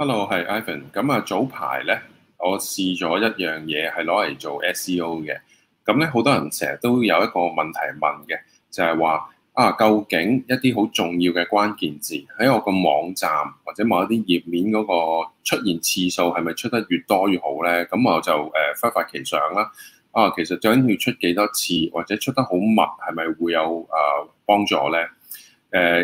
Hello，係 Ivan。咁啊，早排咧，我試咗一樣嘢係攞嚟做 SEO 嘅。咁咧，好多人成日都有一個問題問嘅，就係、是、話啊，究竟一啲好重要嘅關鍵字喺我個網站或者某一啲頁面嗰個出現次數係咪出得越多越好咧？咁我就誒忽、呃、發奇想啦。啊，其實究竟要出幾多次，或者出得好密，係咪會有啊、呃、幫助咧？誒、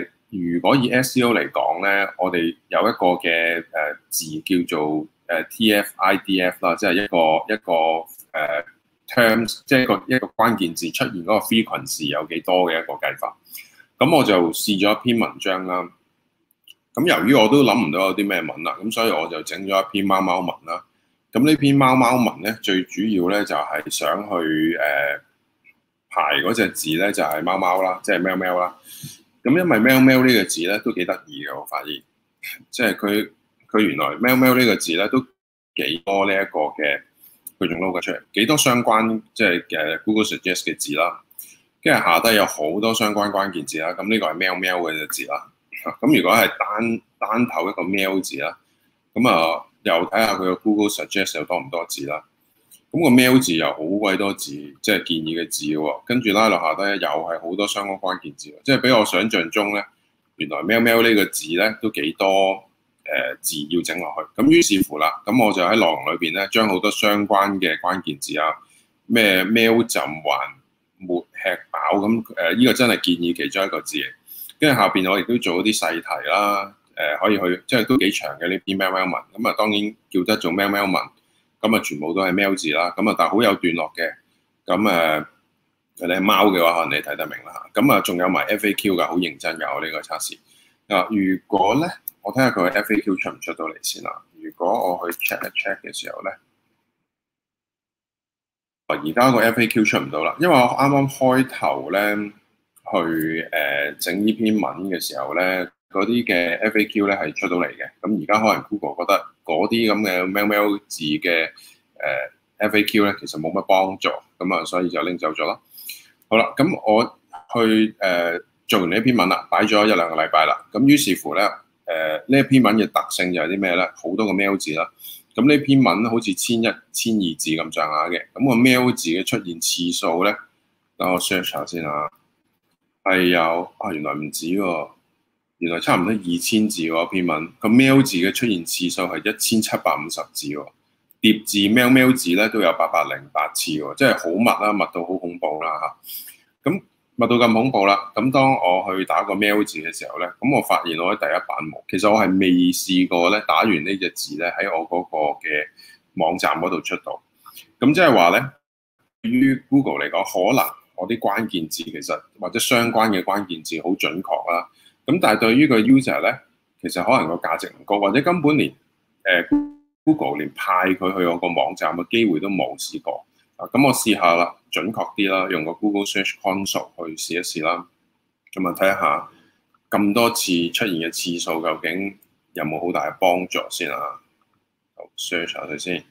呃。如果以 SEO 嚟講咧，我哋有一個嘅誒、呃、字叫做誒、呃、TFIDF 啦，即係一個一個誒、呃、terms，即係一個一個關鍵字出現嗰個 frequency 有幾多嘅一個計法。咁我就試咗一篇文章啦。咁由於我都諗唔到有啲咩文啦，咁所以我就整咗一篇貓貓文啦。咁呢篇貓貓文咧，最主要咧就係、是、想去誒、呃、排嗰隻字咧，就係、是、貓，貓，貓，貓，貓貓啦，即係喵喵啦。咁因為 mail mail 呢個字咧都幾得意嘅，我發現，即係佢佢原來 mail mail 呢個字咧都幾多呢一個嘅佢仲 logo 出嚟，幾多相關即係嘅 Google suggest 嘅字啦，跟住下低有好多相關關鍵字啦，咁呢個係 mail mail 嘅字啦，咁如果係單單頭一個 mail 字啦，咁啊又睇下佢個 Google suggest 又多唔多字啦。咁個 mail 字又好鬼多字，即係建議嘅字喎、啊。跟住拉落下低又係好多相關關鍵字，即係比我想像中咧，原來 mail mail 呢個字咧都幾多誒、呃、字要整落去。咁於是乎啦，咁我就喺內容裏邊咧，將好多相關嘅關鍵字啊，咩 mail 浸還沒吃飽咁誒，依、呃這個真係建議其中一個字。跟住下邊我亦都做咗啲細題啦、啊，誒、呃、可以去即係都幾長嘅呢篇 mail mail 文。咁啊，當然叫得做 mail mail 文。咁啊，全部都係 mail 字啦，咁啊，但係好有段落嘅，咁、嗯、誒，你係貓嘅話，可能你睇得明啦。咁、嗯、啊，仲有埋 F A Q 噶，好認真噶我呢個測試。啊，如果咧，我睇下佢嘅 F A Q 出唔出到嚟先啦。如果我去 check 一 check 嘅時候咧，而家個 F A Q 出唔到啦，因為我啱啱開頭咧去誒整呢篇文嘅時候咧。嗰啲嘅 FAQ 咧係出到嚟嘅，咁而家可能 Google 覺得嗰啲咁嘅 mail 字嘅誒 FAQ 咧其實冇乜幫助，咁啊所以就拎走咗咯。好啦，咁我去誒、呃、做完呢篇文啦，擺咗一兩個禮拜啦，咁於是乎咧誒呢一、呃、篇文嘅特性就係啲咩咧？好多個 mail 字啦，咁呢篇文好似千一、千二字咁上下嘅，咁個 mail 字嘅出現次數咧，等我 search 下先啊。係有啊，原來唔止喎。原來差唔多二千字喎篇文，個 mail 字嘅出現次數係一千七百五十字喎，疊字 mail mail 字咧都有八百零八次喎，即係好密啦，密到好恐怖啦嚇。咁密到咁恐怖啦，咁當我去打個 mail 字嘅時候咧，咁我發現我喺第一版，其實我係未試過咧打完呢隻字咧喺我嗰個嘅網站嗰度出到。咁即係話咧，對於 Google 嚟講，可能我啲關鍵字其實或者相關嘅關鍵字好準確啦。咁但係對於個 user 咧，其實可能個價值唔高，或者根本連，呃，Google 連派佢去我個網站嘅機會都冇試過。啊，咁我試下啦，準確啲啦，用個 Google Search Console 去試一試啦，咁啊睇下咁多次出現嘅次數究竟有冇好大嘅幫助先啊。好，啊，search 下佢先。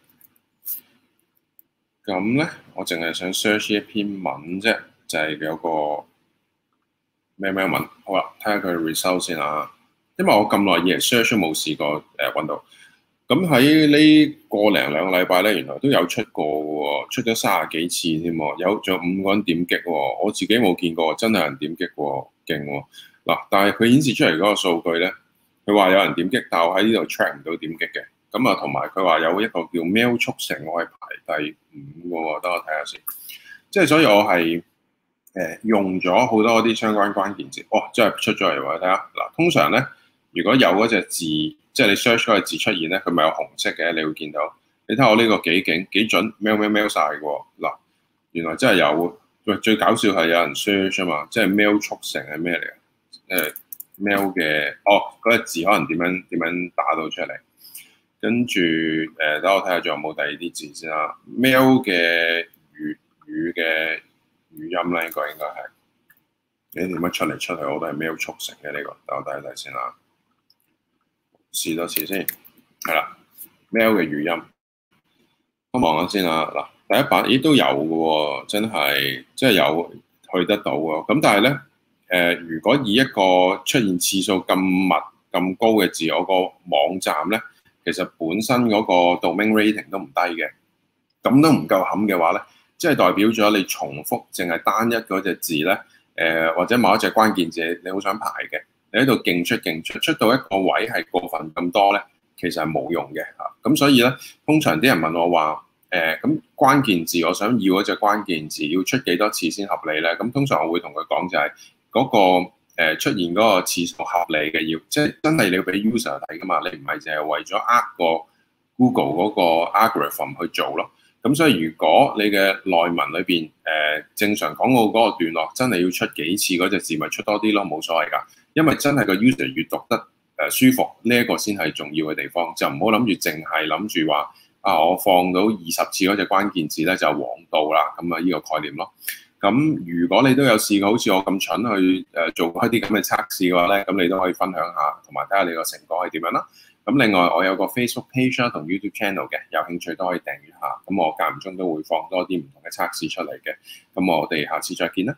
咁咧，我淨係想 search 一篇文啫，就係、係、有個。咩咩文？好啦，睇下佢嘅 result 先啊。因為我咁耐以嚟 search 冇試過誒搵、呃、到，咁、嗯、喺呢個零兩個禮拜咧，原來都有出過嘅、哦，出咗卅幾次添、哦，有仲有五個人點擊、哦，我自己冇見過，真係人點擊過，勁嗱。但係佢顯示出嚟嗰個數據咧，佢話有人點擊、哦哦嗯，但我喺呢度 check 唔到點擊嘅。咁、嗯、啊，同埋佢話有一個叫 mail 速成，我係排第五嘅、哦。等我睇下先，即係所以我係。誒用咗好多啲相關關鍵字，哦，真係出咗嚟喎，睇下嗱。通常咧，如果有嗰隻字，即係你 search 嗰隻字出現咧，佢咪有紅色嘅，你會見到。你睇下我呢個幾勁幾準喵喵喵晒嘅喎。嗱，原來真係有。喂，最搞笑係有人 search 啊嘛，即係 mail 速成係咩嚟啊？誒 mail 嘅，哦，嗰隻字可能點樣點樣打到出嚟？跟住誒，等我睇下仲有冇第二啲字先啦。mail 嘅粵語嘅。語音咧，呢個應該係你點樣出嚟，出去，我都係 mail 促成嘅呢、這個。等我睇睇先啦，試多試先係啦。mail 嘅語音，我望下先啦。嗱，第一版咦、欸、都有嘅、哦，真係即係有去得到嘅。咁但係咧，誒、呃，如果以一個出現次數咁密咁高嘅字，我個網站咧，其實本身嗰個 domain rating 都唔低嘅，咁都唔夠冚嘅話咧。即係代表咗你重複淨係單一嗰隻字咧，誒、呃、或者某一隻關鍵字你，你好想排嘅，你喺度勁出勁出，出到一個位係過分咁多咧，其實係冇用嘅嚇。咁、啊、所以咧，通常啲人問我話，誒、呃、咁關鍵字我想要嗰隻關鍵字要出幾多次先合理咧？咁、啊、通常我會同佢講就係、是、嗰、那個、呃、出現嗰個次數合理嘅要，即係真係你要俾 user 睇噶嘛？你唔係淨係為咗呃個 Google 嗰個 algorithm 去做咯。咁所以如果你嘅內文裏邊，誒、呃、正常港澳嗰個段落，真係要出幾次嗰隻字，咪出多啲咯，冇所謂㗎。因為真係個 user 閲讀得誒舒服，呢、這、一個先係重要嘅地方，就唔好諗住淨係諗住話啊，我放到二十次嗰隻關鍵字咧就係黃道啦，咁啊呢個概念咯。咁如果你都有試過好似我咁蠢去誒做一啲咁嘅測試嘅話咧，咁你都可以分享下，同埋睇下你個成果係點樣啦。咁另外我有個 Facebook page 啦同 YouTube channel 嘅，有興趣都可以訂閱下。咁我間唔中都會放多啲唔同嘅測試出嚟嘅。咁我哋下次再見啦。